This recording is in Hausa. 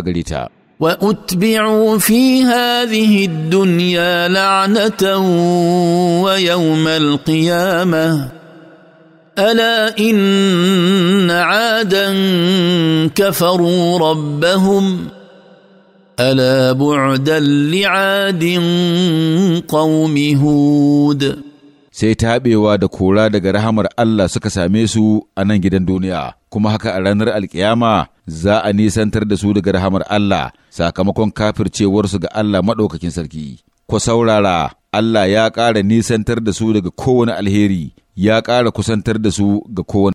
a gare ta واتبعوا في هذه الدنيا لعنه ويوم القيامه الا ان عادا كفروا ربهم الا بعدا لعاد قوم هود sai taɓewa da kora daga rahamar Allah suka same su a nan gidan duniya kuma haka a ranar alkiyama za a nisantar da su daga rahamar Allah sakamakon kafircewarsu ga Allah maɗaukakin sarki. Ku saurara, Allah ya ƙara nisantar da su daga kowane alheri, ya ƙara kusantar da su ga kowane